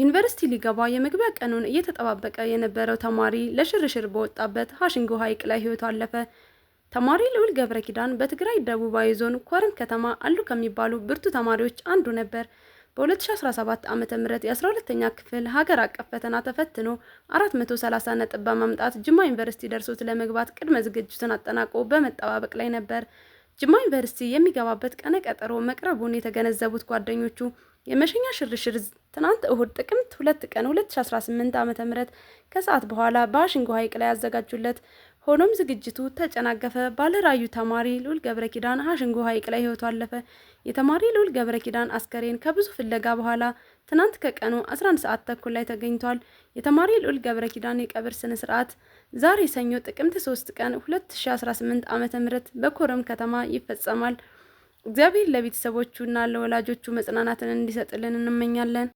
ዩኒቨርሲቲ ሊገባ የመግቢያ ቀኑን እየተጠባበቀ የነበረው ተማሪ ለሽርሽር በወጣበት ሀሽንጎ ሐይቅ ላይ ህይወቱ አለፈ። ተማሪ ልዑል ገብረ ኪዳን በትግራይ ደቡባዊ ዞን ኮረም ከተማ አሉ ከሚባሉ ብርቱ ተማሪዎች አንዱ ነበር። በ2017 ዓ ም የ12ተኛ ክፍል ሀገር አቀፍ ፈተና ተፈትኖ 430 ነጥብ በማምጣት ጅማ ዩኒቨርሲቲ ደርሶት ለመግባት ቅድመ ዝግጅቱን አጠናቆ በመጠባበቅ ላይ ነበር። ጅማ ዩኒቨርሲቲ የሚገባበት ቀነ ቀጠሮ መቅረቡን የተገነዘቡት ጓደኞቹ የመሸኛ ሽርሽር ትናንት እሁድ ጥቅምት ሁለት ቀን 2018 ዓ ም ከሰዓት በኋላ በአሽንጎ ሐይቅ ላይ ያዘጋጁለት። ሆኖም ዝግጅቱ ተጨናገፈ። ባለራዩ ተማሪ ልዑል ገብረ ኪዳን አሽንጎ ሐይቅ ላይ ህይወቱ አለፈ። የተማሪ ልዑል ገብረ ኪዳን አስከሬን ከብዙ ፍለጋ በኋላ ትናንት ከቀኑ 11 ሰዓት ተኩል ላይ ተገኝቷል። የተማሪ ልዑል ገብረ ኪዳን የቀብር ስነ ስርዓት ዛሬ ሰኞ ጥቅምት 3 ቀን 2018 ዓ ም በኮረም ከተማ ይፈጸማል። እግዚአብሔር ለቤተሰቦቹና ለወላጆቹ መጽናናትን እንዲሰጥልን እንመኛለን።